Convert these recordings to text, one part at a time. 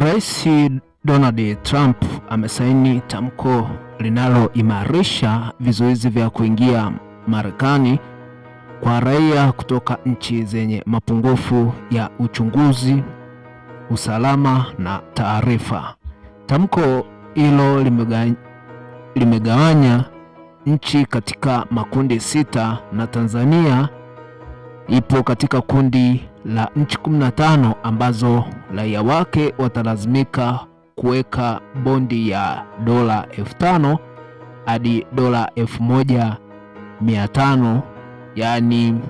Rais Donald Trump amesaini tamko linaloimarisha vizuizi vya kuingia Marekani kwa raia kutoka nchi zenye mapungufu ya uchunguzi, usalama na taarifa. Tamko hilo limegawanya nchi katika makundi sita na Tanzania ipo katika kundi la nchi 15 ambazo raia wake watalazimika kuweka bondi ya dola 5000 hadi dola 1500 yaani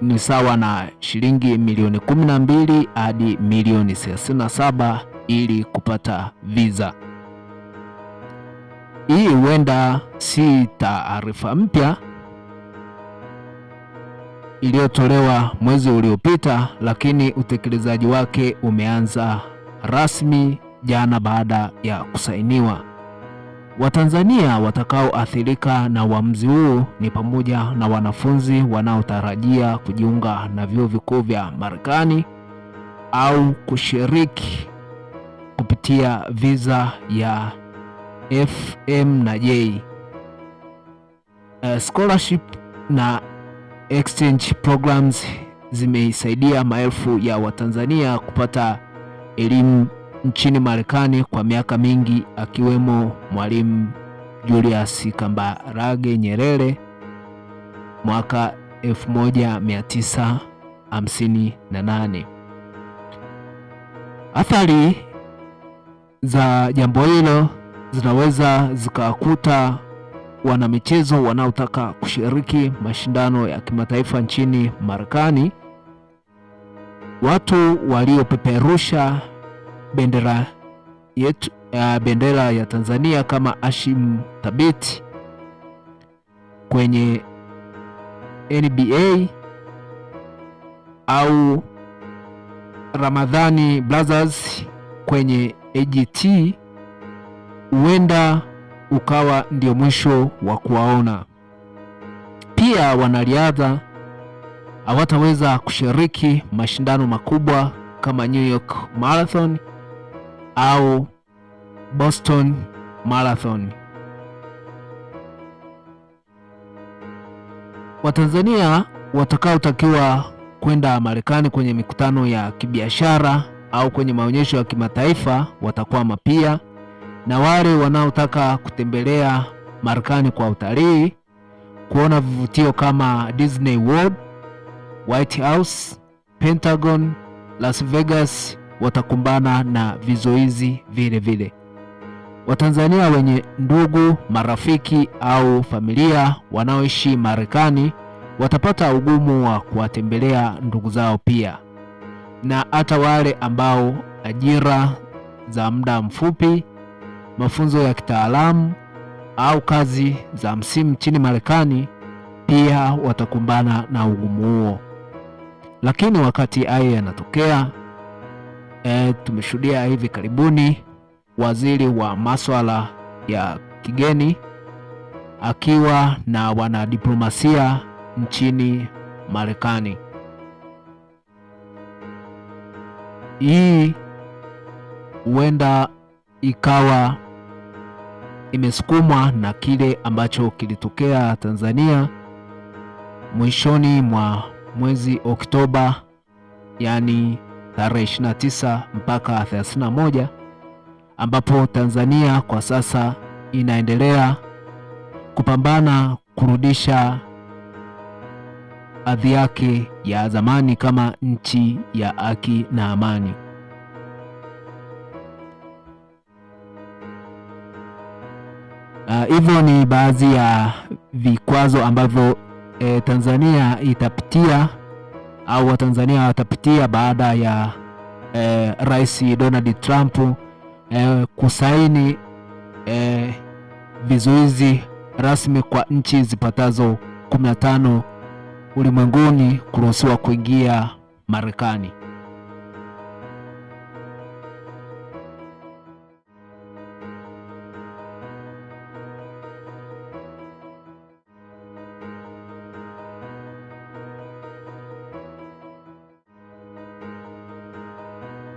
ni sawa na shilingi milioni 12 hadi milioni 37 ili kupata visa. Hii huenda si taarifa mpya, iliyotolewa mwezi uliopita, lakini utekelezaji wake umeanza rasmi jana baada ya kusainiwa. Watanzania watakaoathirika na uamuzi huu ni pamoja na wanafunzi wanaotarajia kujiunga na vyuo vikuu vya Marekani au kushiriki kupitia visa ya FM na J. Uh, scholarship na exchange programs zimeisaidia maelfu ya Watanzania kupata elimu nchini Marekani kwa miaka mingi, akiwemo Mwalimu Julius Kambarage Nyerere mwaka 1958. Athari za jambo hilo zinaweza zikakuta wanamichezo wanaotaka kushiriki mashindano ya kimataifa nchini Marekani, watu waliopeperusha bendera yetu, ya bendera ya Tanzania kama Ashim Thabit kwenye NBA au Ramadhani Blazers kwenye AGT huenda ukawa ndio mwisho wa kuwaona. Pia wanariadha hawataweza kushiriki mashindano makubwa kama New York Marathon au Boston Marathon. Watanzania watakaotakiwa kwenda Marekani kwenye mikutano ya kibiashara au kwenye maonyesho ya kimataifa watakwama pia na wale wanaotaka kutembelea Marekani kwa utalii, kuona vivutio kama Disney World, White House, Pentagon, Las Vegas watakumbana na vizuizi vile vile. Watanzania wenye ndugu, marafiki au familia wanaoishi Marekani watapata ugumu wa kuwatembelea ndugu zao pia, na hata wale ambao ajira za muda mfupi mafunzo ya kitaalamu au kazi za msimu nchini Marekani pia watakumbana na ugumu huo. Lakini wakati hayo yanatokea, e, tumeshuhudia hivi karibuni waziri wa masuala ya kigeni akiwa na wanadiplomasia nchini Marekani. Hii huenda ikawa imesukumwa na kile ambacho kilitokea Tanzania mwishoni mwa mwezi Oktoba, yani tarehe 29 mpaka 31, ambapo Tanzania kwa sasa inaendelea kupambana kurudisha hadhi yake ya zamani kama nchi ya haki na amani. Ah, hivyo uh, ni baadhi ya vikwazo ambavyo e, Tanzania itapitia au Watanzania watapitia baada ya e, Rais Donald Trump e, kusaini e, vizuizi rasmi kwa nchi zipatazo 15 ulimwenguni kuruhusiwa kuingia Marekani.